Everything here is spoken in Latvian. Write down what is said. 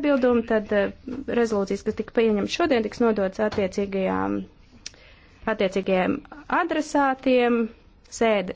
iebildumi, tad eh, rezolūcijas, kas tika pieņemts šodien, tiks nodots attiecīgajām, attiecīgajiem adresātiem sēde.